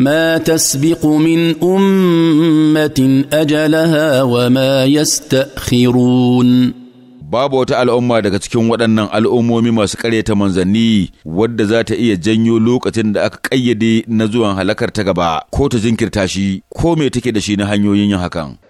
ما تسبق من أمة أجلها وما يستأخرون babu wata al'umma daga cikin waɗannan al'ummomi masu ƙaryata manzanni wadda za ta iya janyo lokacin da aka ƙayyade na zuwan halakar ta gaba ko ta jinkirta shi ko me take da shi na hanyoyin yin hakan.